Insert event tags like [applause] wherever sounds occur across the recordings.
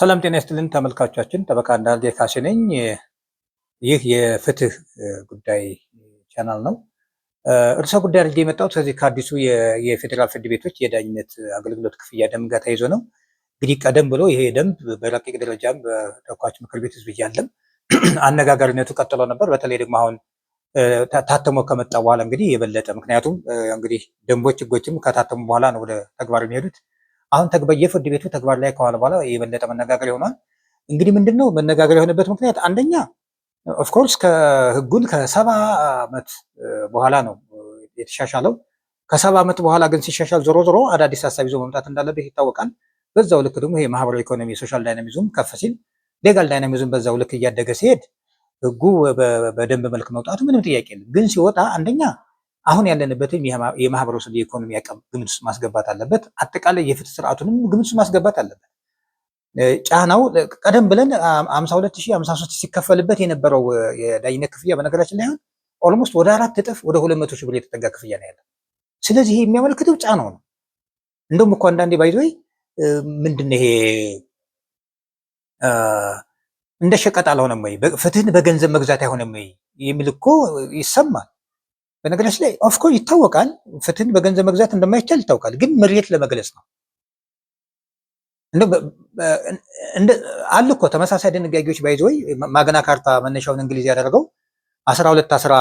ሰላም ጤና ይስጥልን ተመልካቾቻችን፣ ጠበቃ እንዳልዴ ካሴ ነኝ። ይህ የፍትህ ጉዳይ ቻናል ነው። እርሰ ጉዳይ አድርጌ የመጣሁት ከዚህ ከአዲሱ የፌዴራል ፍርድ ቤቶች የዳኝነት አገልግሎት ክፍያ ደንብ ጋር ተይዞ ነው። እንግዲህ ቀደም ብሎ ይሄ ደንብ በረቂቅ ደረጃም በተወካዮች ምክር ቤት ህዝብ እያለም [clears throat] አነጋጋሪነቱ ቀጥሎ ነበር። በተለይ ደግሞ አሁን ታተሞ ከመጣ በኋላ እንግዲህ የበለጠ ምክንያቱም እንግዲህ ደንቦች ህጎችም ከታተሙ በኋላ ነው ወደ ተግባር የሚሄዱት አሁን የፍርድ ቤቱ ተግባር ላይ ከዋለ በኋላ የበለጠ መነጋገር ይሆናል። እንግዲህ ምንድን ነው መነጋገር የሆነበት ምክንያት አንደኛ ኦፍኮርስ ከህጉን ከሰባ ዓመት በኋላ ነው የተሻሻለው። ከሰባ ዓመት በኋላ ግን ሲሻሻል ዞሮ ዞሮ አዳዲስ ሀሳብ ይዞ መምጣት እንዳለበት ይታወቃል። በዛው ልክ ደግሞ ይሄ ማህበራዊ ኢኮኖሚ ሶሻል ዳይናሚዝም ከፍ ሲል፣ ሌጋል ዳይናሚዝም በዛው ልክ እያደገ ሲሄድ ህጉ በደንብ መልክ መውጣቱ ምንም ጥያቄ የለም። ግን ሲወጣ አንደኛ አሁን ያለንበትም የማህበረሰብ የኢኮኖሚ አቅም ግምት ውስጥ ማስገባት አለበት። አጠቃላይ የፍትህ ስርዓቱንም ግምት ውስጥ ማስገባት አለበት። ጫናው ቀደም ብለን ሀምሳ ሁለት ሺህ ሀምሳ ሶስት ሲከፈልበት የነበረው የዳኝነት ክፍያ በነገራችን ላይ ኦልሞስት ወደ አራት እጥፍ ወደ ሁለት መቶ ሺህ ብር የተጠጋ ክፍያ ነው ያለው። ስለዚህ ይሄ የሚያመለክተው ጫናው ነው። እንደውም እኮ አንዳንዴ ባይዞይ ምንድን ይሄ እንደ ሸቀጥ አልሆነም ወይ? ፍትህን በገንዘብ መግዛት አይሆነም ወይ የሚል እኮ ይሰማል። በነገራችን ላይ ኦፍኮርስ ይታወቃል፣ ፍትህን በገንዘብ መግዛት እንደማይቻል ይታወቃል። ግን መሬት ለመግለጽ ነው። አሉ እኮ ተመሳሳይ ድንጋጌዎች ባይዘ ወይ ማግና ካርታ መነሻውን እንግሊዝ ያደረገው አስራ ሁለት አስራ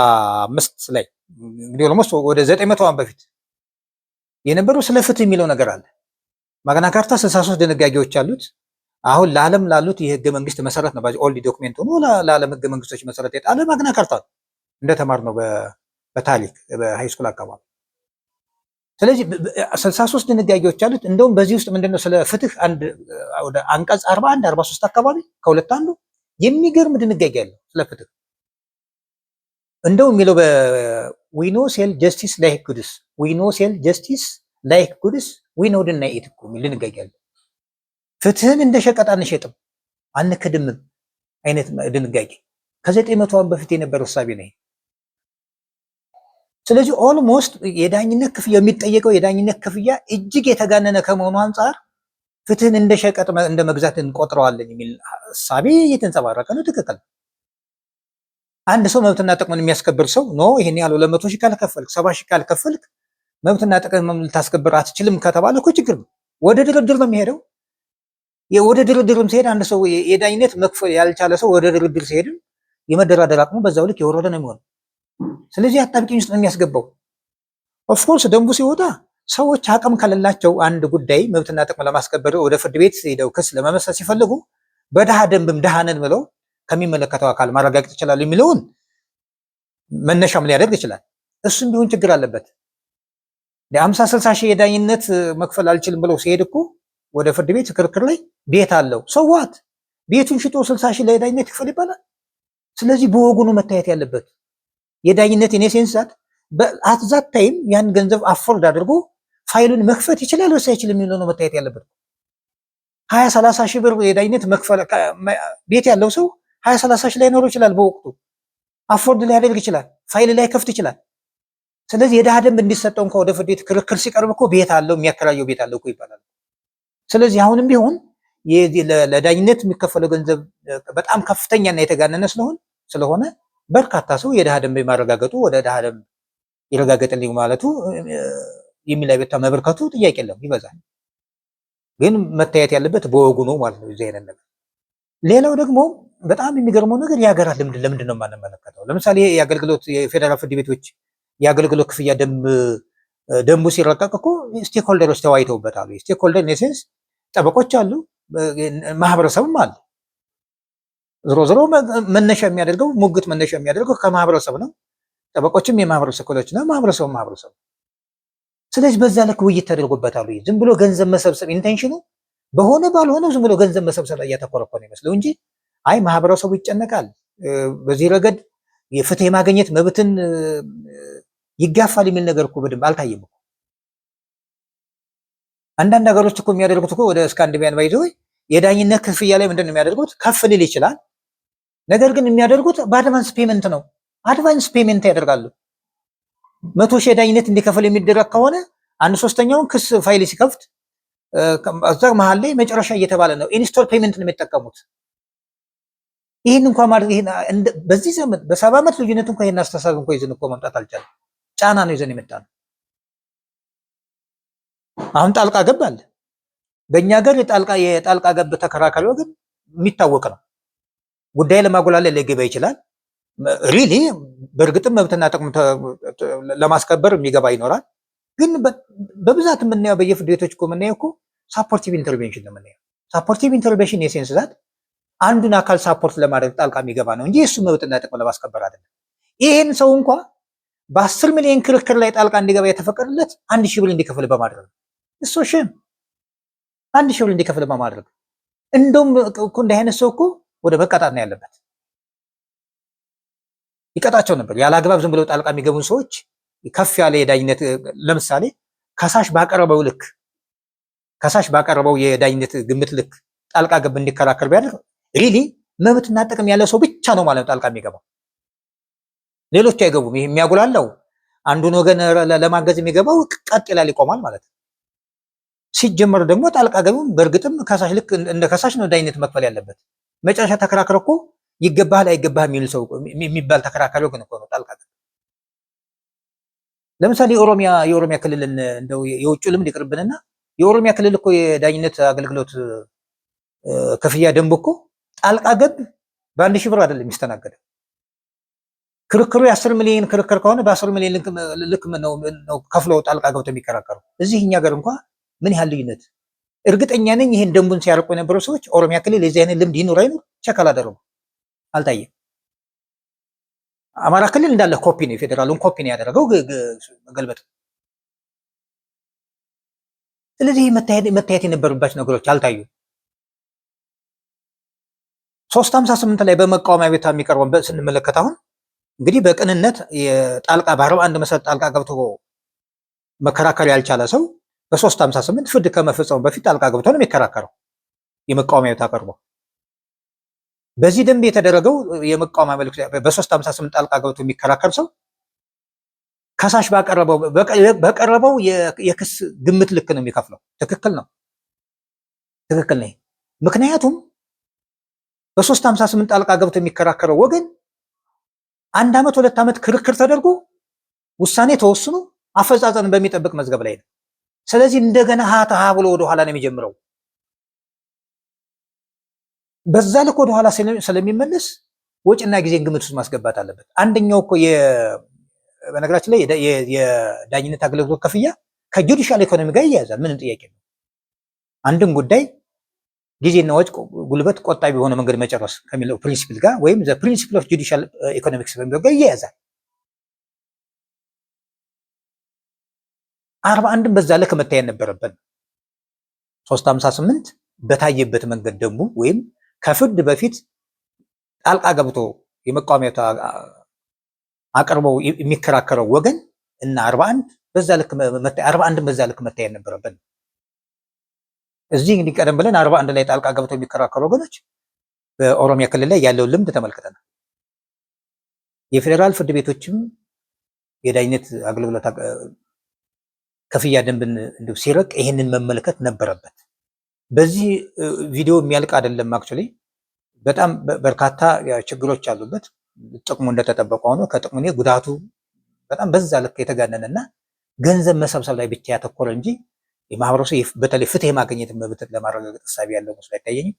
አምስት ላይ እንግዲህ ኦልሞስት ወደ ዘጠኝ መቶ ዓመት በፊት የነበረው ስለ ፍትህ የሚለው ነገር አለ። ማግና ካርታ ስልሳ ሶስት ድንጋጌዎች አሉት። አሁን ለዓለም ላሉት የህገ መንግስት መሰረት ነው። ኦልድ ዶክሜንት ሆኖ ለዓለም ህገ መንግስቶች መሰረት የጣለ ማግና ካርታ እንደተማር ነው በታሪክ በሃይስኩል አካባቢ። ስለዚህ ስልሳ ሶስት ድንጋጌዎች አሉት። እንደውም በዚህ ውስጥ ምንድነው ስለ ፍትህ አንቀጽ አርባ አንድ አርባ ሶስት አካባቢ ከሁለት አንዱ የሚገርም ድንጋጌ አለው ስለ ፍትህ እንደውም የሚለው በዊኖ ሴል ጀስቲስ ላይክ ጉድስ ዊኖ ሴል ጀስቲስ ላይክ ጉድስ ዊኖ ድና ኢት እኮ የሚል ድንጋጌ አለ። ፍትህን እንደ ሸቀጥ አንሸጥም አንክድምም አይነት ድንጋጌ ከዘጠኝ መቶ በፊት የነበረው ሳቢ ነው። ስለዚህ ኦልሞስት የዳኝነት ክፍያ የሚጠየቀው የዳኝነት ክፍያ እጅግ የተጋነነ ከመሆኑ አንጻር ፍትህን እንደ ሸቀጥ እንደ መግዛት እንቆጥረዋለን የሚል እሳቤ እየተንጸባረቀ ነው። ትክክል። አንድ ሰው መብትና ጥቅምን የሚያስከብር ሰው ኖ ይህን ያለው ለመቶ ሺህ ካልከፈልክ ሰባ ሺህ ካልከፈልክ መብትና ጥቅም ልታስከብር አትችልም ከተባለ እኮ ችግር ነው። ወደ ድርድር ነው የሚሄደው። ወደ ድርድርም ሲሄድ አንድ ሰው የዳኝነት መክፈል ያልቻለ ሰው ወደ ድርድር ሲሄድም የመደራደር አቅሙ በዛው ልክ የወረደ ነው የሚሆነው። ስለዚህ አጣብቂኝ ውስጥ ነው የሚያስገባው። ኦፍኮርስ ደንቡ ሲወጣ ሰዎች አቅም ከሌላቸው አንድ ጉዳይ መብትና ጥቅም ለማስከበር ወደ ፍርድ ቤት ሄደው ክስ ለመመስረት ሲፈልጉ በድሃ ደንብም ድሃነን ብለው ከሚመለከተው አካል ማረጋገጥ ይችላሉ የሚለውን መነሻም ሊያደርግ ይችላል። እሱም ቢሆን ችግር አለበት። የአምሳ ስልሳ ሺህ የዳኝነት መክፈል አልችልም ብለው ሲሄድ እኮ ወደ ፍርድ ቤት ክርክር ላይ ቤት አለው ሰዋት ቤቱን ሽጦ ስልሳ ሺህ ለዳኝነት ይክፈል ይባላል። ስለዚህ በወጉኑ መታየት ያለበት የዳኝነት ኢኔሴንስ ዛት በአትዛት ታይም ያን ገንዘብ አፎርድ አድርጎ ፋይሉን መክፈት ይችላል ወይስ አይችልም የሚለው ነው መታየት ያለበት። ሀያ ሰላሳ ሺህ ብር የዳኝነት መክፈል ቤት ያለው ሰው ሀያ ሰላሳ ሺህ ላይ ይችላል። በወቅቱ አፎርድ ሊያደርግ ይችላል። ፋይል ላይ ከፍት ይችላል። ስለዚህ የድሃ ደንብ እንዲሰጠው እንኳ ወደ ፍርድ ቤት ክርክር ሲቀርብ እኮ ቤት አለው የሚያከራየው ቤት አለው እኮ ይባላል። ስለዚህ አሁንም ቢሆን ለዳኝነት የሚከፈለው ገንዘብ በጣም ከፍተኛና የተጋነነ ስለሆን ስለሆነ በርካታ ሰው የድሃ ደንብ የማረጋገጡ ወደ ድሃ ደንብ ይረጋገጥልኝ ማለቱ የሚላይ ቤታ መበርከቱ ጥያቄ የለም፣ ይበዛል። ግን መታየት ያለበት በወጉ ነው ማለት ነው። እዚህ አይነት ነገር። ሌላው ደግሞ በጣም የሚገርመው ነገር የሀገራት ልምድ ለምንድን ነው የማንመለከተው? ለምሳሌ የአገልግሎት የፌዴራል ፍርድ ቤቶች የአገልግሎት ክፍያ ደንቡ ሲረቀቅ እኮ ስቴክሆልደሮች ተወያይተውበታሉ። ስቴክሆልደር ኔሴንስ ጠበቆች አሉ፣ ማህበረሰብም አለ። ዝሮዝሮ መነሻ የሚያደርገው ሙግት መነሻ የሚያደርገው ከማህበረሰብ ነው። ጠበቆችም የማህበረሰብ ክፍሎች ነው። ማህበረሰቡ ማህበረሰብ። ስለዚህ በዛ ልክ ውይይት ተደርጎበታል። ዝም ብሎ ገንዘብ መሰብሰብ ኢንቴንሽኑ በሆነ ባልሆነው ዝም ብሎ ገንዘብ መሰብሰብ ላይ እያተኮረ እኮ ነው ይመስለው እንጂ አይ ማህበረሰቡ ይጨነቃል፣ በዚህ ረገድ የፍትህ የማግኘት መብትን ይጋፋል የሚል ነገር እኮ በደንብ አልታየም እኮ። አንዳንድ ሀገሮች እኮ የሚያደርጉት እኮ ወደ እስካንዲቪያን ባይዘ የዳኝነት ክፍያ ላይ ምንድን ነው የሚያደርጉት? ከፍ ሊል ይችላል ነገር ግን የሚያደርጉት በአድቫንስ ፔመንት ነው። አድቫንስ ፔመንት ያደርጋሉ። መቶ ሺህ ዳኝነት እንዲከፍል የሚደረግ ከሆነ አንድ ሶስተኛውን ክስ ፋይል ሲከፍት እዛ መሀል ላይ መጨረሻ እየተባለ ነው። ኢንስቶል ፔመንት ነው የሚጠቀሙት። ይህን እንኳ ማለት በዚህ ዘመን በሰባ ዓመት ልዩነት እንኳ ይህን አስተሳሰብ እንኳ ይዘን እኮ መምጣት አልቻለም። ጫና ነው ይዘን የመጣ ነው። አሁን ጣልቃ ገብ አለ። በእኛ ሀገር የጣልቃ ገብ ተከራካሪ ግን የሚታወቅ ነው። ጉዳይ ለማጎላለል ሊገባ ይችላል። ሪሊ በእርግጥም መብትና ጥቅም ለማስከበር የሚገባ ይኖራል። ግን በብዛት የምናየው በየፍርድ ቤቶች እኮ የምናየው እኮ ሳፖርቲቭ ኢንተርቬንሽን ነው የምናየው። ሳፖርቲቭ ኢንተርቬንሽን የሴንስ ዛት አንዱን አካል ሳፖርት ለማድረግ ጣልቃ የሚገባ ነው እንጂ እሱ መብትና ጥቅም ለማስከበር አይደለም። ይሄን ሰው እንኳ በአስር ሚሊዮን ክርክር ላይ ጣልቃ እንዲገባ የተፈቀደለት አንድ ሺህ ብር እንዲከፍል በማድረግ ነው። እሱ ሽም አንድ ሺህ ብር እንዲከፍል በማድረግ እንደውም እንደ አይነት ሰው እኮ ወደ መቀጣት ነው ያለበት። ይቀጣቸው ነበር። ያለ አግባብ ዝም ብለው ጣልቃ የሚገቡ ሰዎች ከፍ ያለ የዳኝነት ለምሳሌ ከሳሽ ባቀረበው ልክ ከሳሽ ባቀረበው የዳኝነት ግምት ልክ ጣልቃ ገብ እንዲከራከር ቢያደርግ ሪሊ መብትና ጥቅም ያለው ሰው ብቻ ነው ማለት ነው ጣልቃ የሚገባው፣ ሌሎቹ አይገቡም። ይህ የሚያጉላለው አንዱን ወገን ለማገዝ የሚገባው ቀጥ ይላል፣ ይቆማል ማለት ነው። ሲጀመር ደግሞ ጣልቃ ገቢውም በእርግጥም ከሳሽ ልክ እንደ ከሳሽ ነው ዳኝነት መክፈል ያለበት። መጨረሻ ተከራከረ እኮ ይገባሃል አይገባህ የሚል ሰው የሚባል ተከራካሪ ግን እኮ ነው ጣልቃ ለምሳሌ የኦሮሚያ የኦሮሚያ ክልልን እንደው የውጭ ልምድ ይቅርብንና የኦሮሚያ ክልል እኮ የዳኝነት አገልግሎት ክፍያ ደንብ እኮ ጣልቃ ገብ በአንድ ሺህ ብር አይደለም የሚስተናገደው። ክርክሩ የአስር ሚሊዮን ክርክር ከሆነ በአስር ሚሊዮን ልክ ነው ከፍለው ጣልቃ ገብተው የሚከራከሩ። እዚህ እኛ ገር እንኳ ምን ያህል ልዩነት እርግጠኛ ነኝ ይህን ደንቡን ሲያርቁ የነበሩ ሰዎች ኦሮሚያ ክልል የዚህ አይነት ልምድ ይኑር አይኑር ቸክ አላደረጉም፣ አልታየም። አማራ ክልል እንዳለ ኮፒ ነው፣ የፌዴራሉን ኮፒ ነው ያደረገው መገልበጥ። ስለዚህ መታየት የነበረባቸው ነገሮች አልታዩም። ሶስት ሀምሳ ስምንት ላይ በመቃወሚያ ቤታ የሚቀርበውን ስንመለከት አሁን እንግዲህ በቅንነት ጣልቃ በአርባ አንድ መሰረት ጣልቃ ገብቶ መከራከር ያልቻለ ሰው በ358 ፍርድ ከመፈጸሙ በፊት ጣልቃ ገብቶ ነው የሚከራከረው የመቃወሚያ ቤት አቀርቦ በዚህ ደንብ የተደረገው የመቃወሚያ መልክ በ358 ጣልቃ ገብቶ የሚከራከር ሰው ከሳሽ ባቀረበው በቀረበው የክስ ግምት ልክ ነው የሚከፍለው። ትክክል ነው፣ ትክክል ነው። ምክንያቱም በ358 ጣልቃ ገብቶ የሚከራከረው ወገን አንድ ዓመት ሁለት ዓመት ክርክር ተደርጎ ውሳኔ ተወስኖ አፈጻጸን በሚጠብቅ መዝገብ ላይ ነው። ስለዚህ እንደገና ሀተሀ ብሎ ወደኋላ ነው የሚጀምረው። በዛ ልክ ወደኋላ ስለሚመለስ ወጪና ጊዜን ግምት ውስጥ ማስገባት አለበት። አንደኛው እኮ በነገራችን ላይ የዳኝነት አገልግሎት ክፍያ ከጁዲሻል ኢኮኖሚ ጋር ይያያዛል። ምንም ጥያቄ ነው። አንድን ጉዳይ ጊዜና ወጭ ጉልበት ቆጣቢ የሆነ መንገድ መጨረስ ከሚለው ፕሪንሲፕል ጋር ወይም ፕሪንሲፕል ኦፍ ጁዲሻል ኢኮኖሚክስ በሚለው ጋር ይያያዛል። አርባ አንድም በዛ ልክ መታየት ነበረበት። ሶስት ሀምሳ ስምንት በታየበት መንገድ ደግሞ ወይም ከፍርድ በፊት ጣልቃ ገብቶ የመቃወሚያ አቅርበው የሚከራከረው ወገን እና አርባ አንድ በዛ ልክ አርባ አንድም በዛ ልክ መታየት ነበረበት። እዚህ እንግዲህ ቀደም ብለን አርባ አንድ ላይ ጣልቃ ገብተው የሚከራከሩ ወገኖች በኦሮሚያ ክልል ላይ ያለውን ልምድ ተመልክተናል። የፌዴራል ፍርድ ቤቶችም የዳኝነት አገልግሎት ክፍያ ደንብን እንዲሁ ሲረቅ ይህንን መመልከት ነበረበት። በዚህ ቪዲዮ የሚያልቅ አይደለም። አክቹሊ በጣም በርካታ ችግሮች አሉበት። ጥቅሙ እንደተጠበቀ ሆኖ ከጥቅሙ ጉዳቱ በጣም በዛ ልክ እና ገንዘብ መሰብሰብ ላይ ብቻ ያተኮረ እንጂ የማህበረሰቡ በተለይ ፍትህ ማገኘት። መብት ለማረጋገጥ ያለው መስሎ አይታየኝም።